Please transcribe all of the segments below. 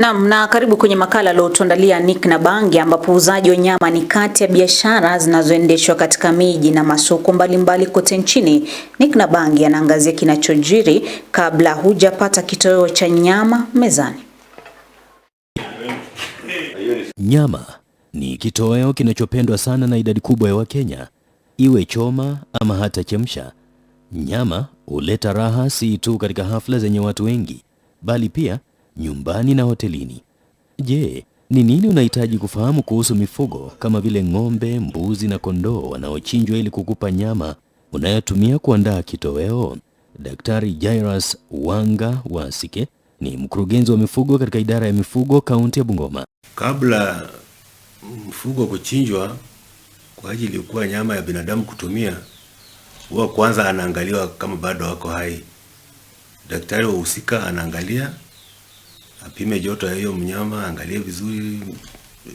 Naam, na karibu kwenye makala aliyotuandalia Nick na Bangi, ambapo uuzaji wa nyama ni kati ya biashara zinazoendeshwa katika miji na masoko mbalimbali kote nchini. Nick na Bangi anaangazia kinachojiri kabla hujapata kitoweo cha nyama mezani. Nyama ni kitoweo kinachopendwa sana na idadi kubwa ya Wakenya, iwe choma ama hata chemsha. Nyama huleta raha si tu katika hafla zenye watu wengi, bali pia nyumbani na hotelini. Je, ni nini unahitaji kufahamu kuhusu mifugo kama vile ng'ombe, mbuzi na kondoo wanaochinjwa ili kukupa nyama unayotumia kuandaa kitoweo? Daktari Jairus Wanga Wasike ni mkurugenzi wa mifugo katika idara ya mifugo kaunti ya Bungoma. Kabla mfugo kuchinjwa kwa ajili ya kuwa nyama ya binadamu kutumia, huwa kwanza anaangaliwa kama bado wako hai. Daktari wahusika anaangalia apime joto ya hiyo mnyama, angalie vizuri, eh,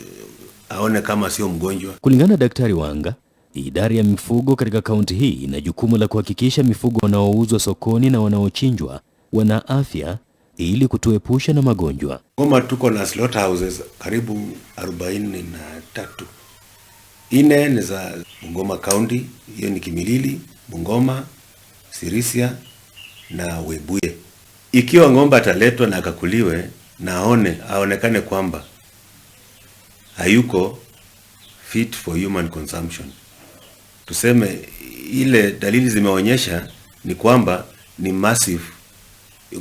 aone kama sio mgonjwa. Kulingana na Daktari Wanga, idara ya mifugo katika kaunti hii ina jukumu la kuhakikisha mifugo wanaouzwa sokoni na wanaochinjwa wana afya ili kutuepusha na magonjwa. Goma tuko na slaughterhouses karibu 43 ine ni za Bungoma County, hiyo ni Kimilili, Bungoma, Sirisia na Webuye ikiwa ng'ombe ataletwa na akakuliwe na aone aonekane kwamba hayuko fit for human consumption, tuseme ile dalili zimeonyesha ni kwamba ni massive,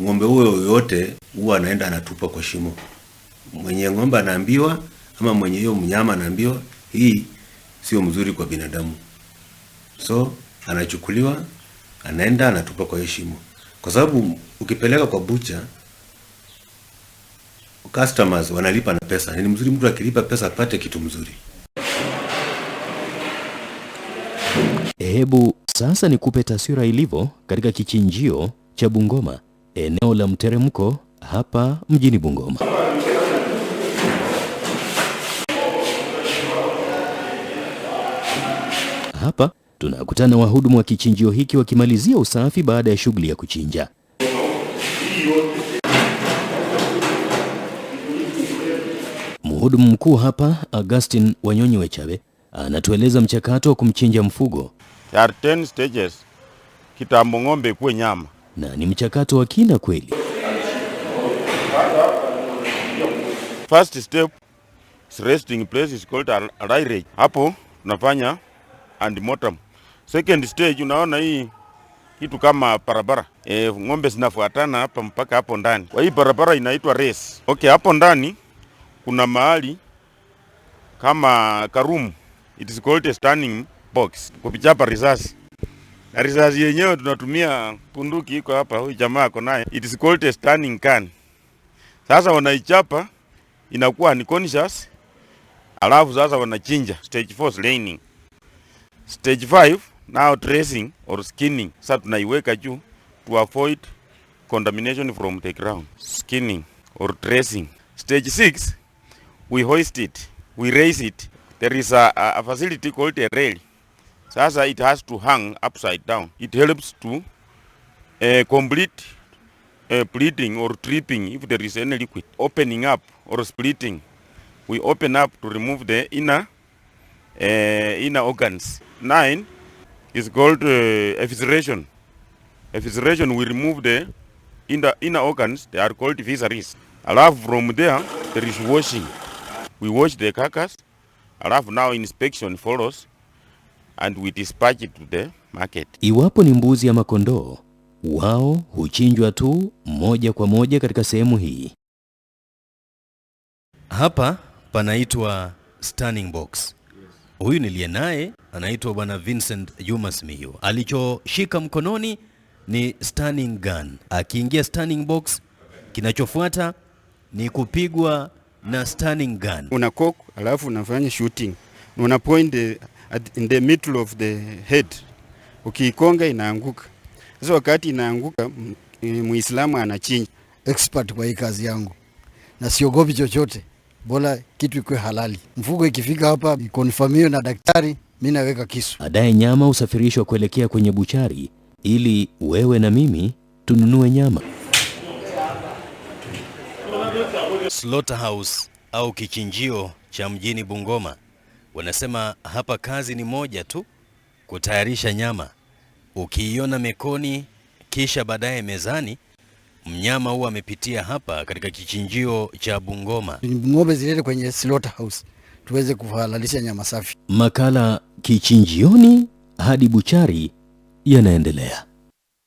ng'ombe huyo yoyote huwa anaenda anatupa kwa shimo. Mwenye ng'ombe anaambiwa ama mwenye hiyo mnyama anaambiwa hii sio mzuri kwa binadamu, so anachukuliwa anaenda anatupa kwa hiyo shimo kwa sababu ukipeleka kwa bucha customers wanalipa na pesa. Ni mzuri mtu akilipa pesa apate kitu mzuri. Eh, hebu sasa nikupe taswira ilivyo katika kichinjio cha Bungoma, eneo la mteremko hapa mjini Bungoma. Hapa tunakutana wahudumu wa kichinjio hiki wakimalizia usafi baada ya shughuli ya kuchinja. Mhudumu mkuu hapa Augustine Wanyonyi Wechabe anatueleza mchakato wa kumchinja mfugo. There are 10 stages kitambo ng'ombe ikuwe nyama, na ni mchakato wa kina kweli. First step is resting place is called a hapo tunafanya and mortem second stage, unaona hii kitu kama barabara e, ng'ombe zinafuatana hapa mpaka hapo ndani. Kwa hii barabara inaitwa race. Okay, hapo ndani kuna mahali kama karumu, it is called a standing box, kupichapa risasi na risasi yenyewe tunatumia punduki iko hapa, huyu jamaa ako naye, it is called a standing can. Sasa wanaichapa inakuwa ni conscious, alafu sasa wanachinja. Stage 4 laning Stage 5 Now dressing or skinning, sasa tunaiweka juu to avoid contamination from the ground. Skinning or dressing. Stage 6, we hoist it, we raise it. There is a, a facility called a rail. Sasa it has to hang upside down. It helps to uh, complete uh, bleeding or dripping if there is any liquid. Opening up or splitting. We open up to remove the inner, uh, inner organs. Nine, is called uh, evisceration. Evisceration, we remove the inner, inner organs, they are called visceries. Alafu from there, there is washing. We wash the carcass. Alafu now inspection follows and we dispatch it to the market. Iwapo ni mbuzi ama kondoo, wao huchinjwa tu moja kwa moja katika sehemu hii. Hapa panaitwa stunning box. Huyu niliye naye anaitwa bwana Vincent Juma Simiyu. Alichoshika mkononi ni stunning gun. Akiingia stunning box, kinachofuata ni kupigwa na stunning gun. Una cock alafu unafanya shooting, una point at in the middle of the head, ukiikonga inaanguka. Sasa wakati inaanguka, Muislamu anachinja. Expert kwa hii kazi yangu na siogopi chochote bora kitu ikuwe halali. Mfugo ikifika hapa ikonfamiwe na daktari, mi naweka kisu. Baadaye nyama husafirishwa kuelekea kwenye buchari ili wewe na mimi tununue nyama. Slaughterhouse au kichinjio cha mjini Bungoma, wanasema hapa kazi ni moja tu, kutayarisha nyama, ukiiona mekoni kisha baadaye mezani mnyama huwa amepitia hapa katika kichinjio cha Bungoma. Ng'ombe zilete kwenye slaughterhouse tuweze kuhalalisha nyama safi. Makala Kichinjioni hadi Buchari yanaendelea.